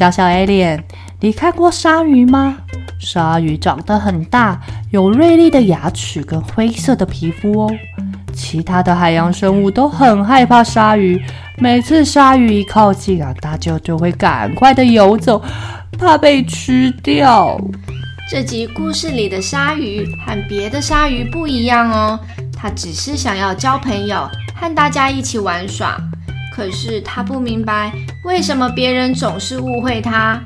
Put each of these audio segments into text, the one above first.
小小 Alien，你看過鯊魚嗎？鯊魚長得很大，有銳利的牙齒跟灰色的皮膚哦。其他的海洋生物都很害怕鯊魚，每次鯊魚一靠近啊，大家就會趕快的游走，怕被吃掉。這集故事裡的鯊魚和別的鯊魚不一樣哦，它只是想要交朋友，和大家一起玩耍。可是他不明白為什麼別人總是誤會他。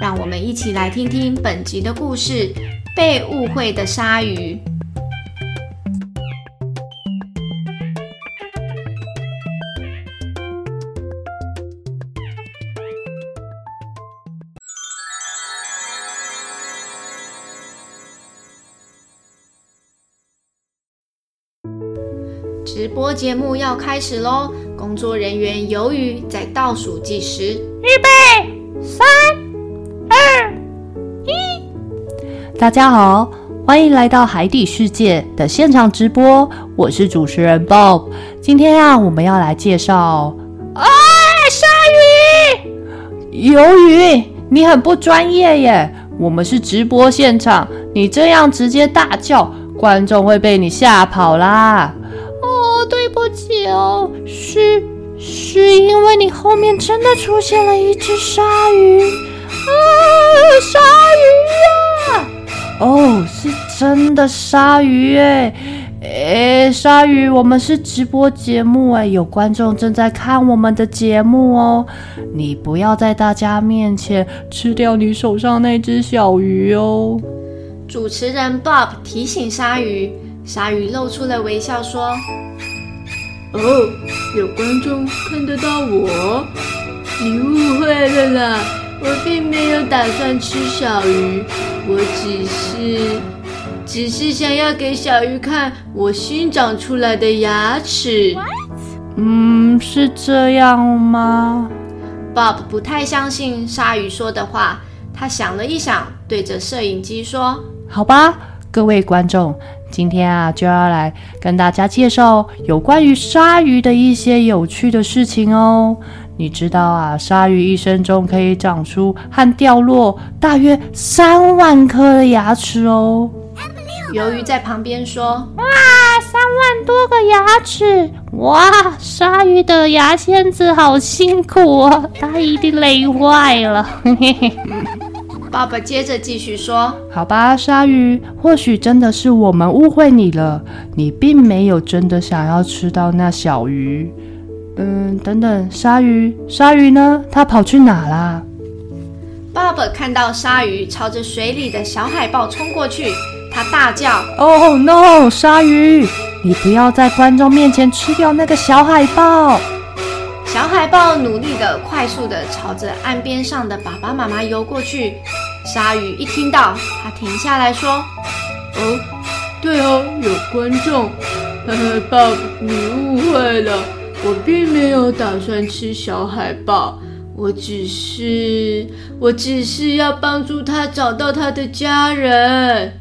讓我們一起來聽聽本集的故事：被誤會的鯊魚。直播節目要開始嘍！工作人員魷魚在倒數計時，預備，三、二、一。大家好，歡迎來到海底世界的現場直播，我是主持人 Bob。今天啊，我們要來介紹，哎，鯊魚，魷魚，你很不專業耶！我們是直播現場，你這樣直接大叫，觀眾會被你嚇跑啦。不、哦、巧是是因為你後面真的出現了一隻鯊魚啊！鯊魚呀、啊！哦，是真的鯊魚誒。哎，鯊魚，我們是直播節目誒。有觀眾正在看我們的節目哦，你不要在大家面前吃掉你手上那隻小魚哦。主持人 Bob 提醒鯊魚，鯊魚露出了微笑說。哦，有觀眾看得到我，你誤會了啦！我並沒有打算吃小魚，我只是，只是想要給小魚看我新長出來的牙齒。What? 嗯，是這樣嗎？Bob 不太相信鯊魚說的話，他想了一想，對着攝影機說：“好吧，各位觀眾。”今天啊，就要來跟大家介紹有關於鯊魚的一些有趣的事情哦。你知道啊，鯊魚一生中可以長出和掉落大約三萬顆的牙齒哦。魷魚在旁邊說：哇、啊，三萬多個牙齒！哇，鯊魚的牙仙子好辛苦哦、啊，它一定累壞了。嘿嘿嘿。爸爸接着繼續說：“好吧，鯊魚，或許真的是我們誤會你了，你並沒有真的想要吃到那小魚。嗯，等等，鯊魚，鯊魚呢？它跑去哪啦？”爸爸看到鯊魚朝着水裡的小海豹衝過去，他大叫：“Oh no！鯊魚，你不要在觀眾面前吃掉那個小海豹！”小海豹努力地、快速地朝着岸邊上的爸爸媽媽游過去。鯊魚一聽到，他停下來說：“哦，對哦，有觀眾。小海豹，你誤會了，我並沒有打算吃小海豹，我只是，我只是要幫助他找到他的家人。”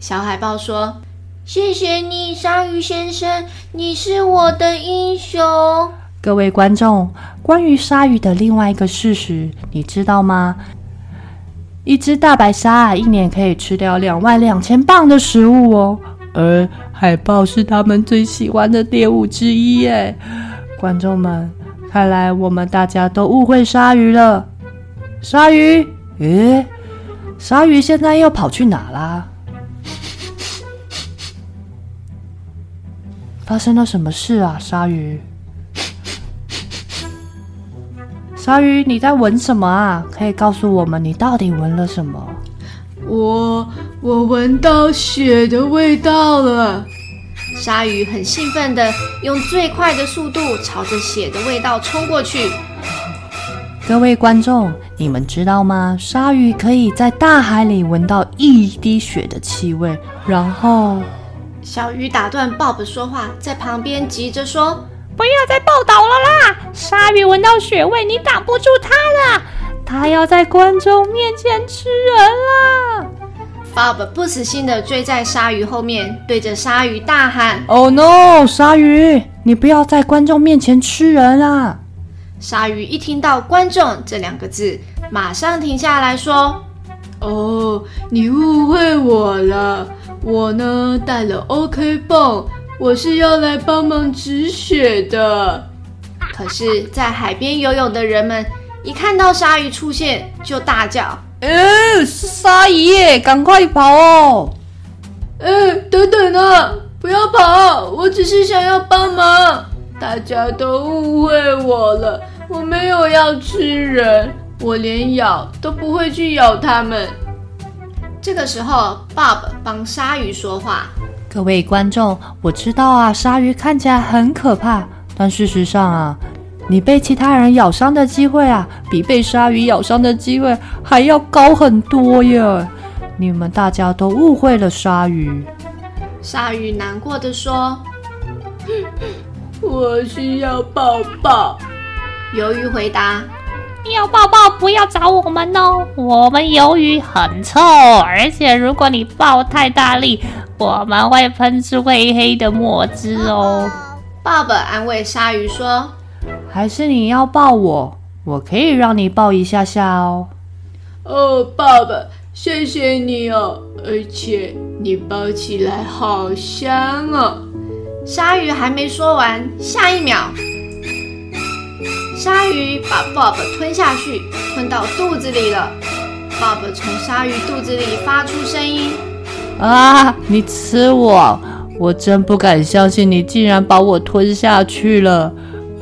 小海豹說：“謝謝你，鯊魚先生，你是我的英雄。”各位觀眾，關於鯊魚的另外一個事實，你知道嗎？一隻大白鯊一年可以吃掉兩萬兩千磅的食物哦，而、呃、海豹是他們最喜歡的獵物之一耶。觀眾們，看來我們大家都誤會鯊魚了。鯊魚，咦？鯊魚現在又跑去哪啦？ 發生了什麼事啊，鯊魚？鯊魚，你在聞什麼啊？可以告訴我們你到底聞了什麼？我，我聞到血的味道了。鯊魚很興奮的用最快的速度朝着血的味道衝過去。各位觀眾，你們知道嗎？鯊魚可以在大海裡聞到一滴血的氣味，然後……小魚打斷 Bob 說話，在旁邊急着說。不要再報道了啦！鯊魚聞到血味，你擋不住它啦！它要在觀眾面前吃人啦！Bob 不死心地追在鯊魚後面，對着鯊魚大喊：“Oh no！鯊魚，你不要在觀眾面前吃人啊！”鯊魚一聽到“觀眾”這兩個字，馬上停下來說：“哦，Oh，你誤會我了，我呢帶了 OK 繃。”我是要來幫忙止血的，可是，在海邊游泳的人們一看到鯊魚出現，就大叫：“哎、欸，是鯊魚耶！趕快跑哦！”哎、欸，等等啊，不要跑！我只是想要幫忙，大家都誤會我了。我沒有要吃人，我連咬都不會去咬他們。這個時候，Bob 幫鯊魚說話。各位觀眾，我知道啊，鯊魚看起來很可怕，但事實上啊，你被其他人咬傷的機會啊，比被鯊魚咬傷的機會還要高很多呀！你們大家都誤會了鯊魚。鯊魚難過地說：“ 我需要抱抱。”魷魚回答。要抱抱，不要找我們哦。我們魷魚很臭，而且如果你抱太大力，我們會噴出黑黑的墨汁哦。爸爸安慰鯊魚說：“還是你要抱我，我可以讓你抱一下下哦。”哦，爸爸，謝謝你哦。而且你抱起來好香哦。鯊魚還沒說完，下一秒。鯊魚把 Bob 吞下去，吞到肚子裡了。Bob 從鯊魚肚子裡發出聲音：“啊，你吃我！我真不敢相信，你竟然把我吞下去了，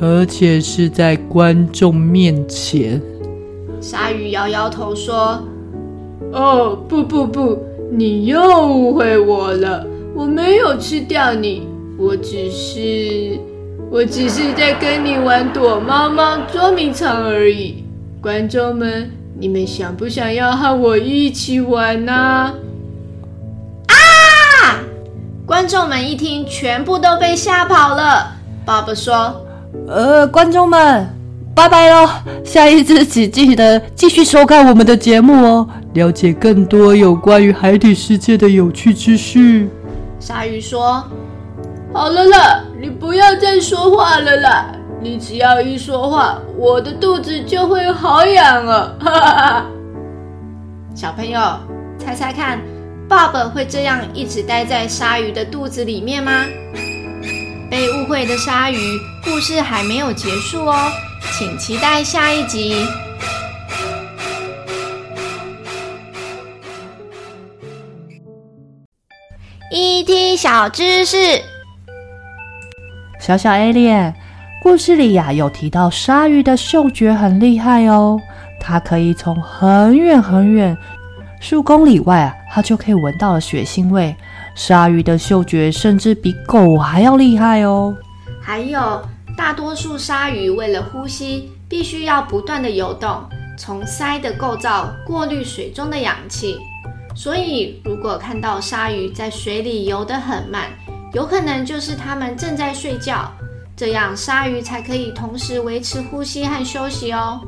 而且是在觀眾面前。”鯊魚搖搖頭說：“哦，不不不，你又誤會我了。我沒有吃掉你，我只是……”我只是在跟你玩躲貓貓、捉迷藏而已。觀眾們，你們想不想要和我一起玩呢、啊？啊！觀眾們一聽，全部都被嚇跑了。爸爸說：“呃，觀眾們，拜拜嘍！下一次請記得繼續收看我們的節目哦，了解更多有關於海底世界的有趣知識。”鯊魚說。好了啦，你不要再說話了啦！你只要一說話，我的肚子就會好癢啊。哈哈！小朋友，猜猜看，爸爸會這樣一直待在鯊魚的肚子裡面嗎？被誤會的鯊魚，故事還沒有結束哦，請期待下一集。ET 小知識。小小 Alien，故事裡呀、啊、有提到，鯊魚的嗅覺很厲害哦，它可以從很遠很遠數公里外啊,它就可以聞到了血腥味。鯊魚的嗅覺甚至比狗還要厲害哦。還有，大多數鯊魚為了呼吸，必須要不斷的游動，從鰓的構造過濾水中的氧氣。所以，如果看到鯊魚在水裡游得很慢，有可能就是它們正在睡覺，這樣鯊魚才可以同時維持呼吸和休息哦。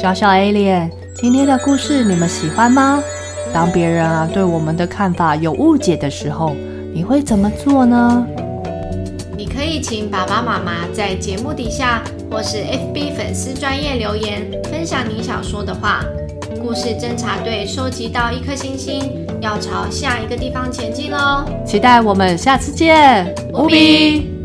小小 Alien 今天的故事你們喜歡嗎？當別人啊對我們的看法有誤解的時候，你會怎麼做呢？你可以請爸爸媽媽在節目底下或是 FB 粉絲專頁留言，分享你想說的話。故事偵查隊收集到一顆星星，要朝下一個地方前進哦！期待我們下次見，無比。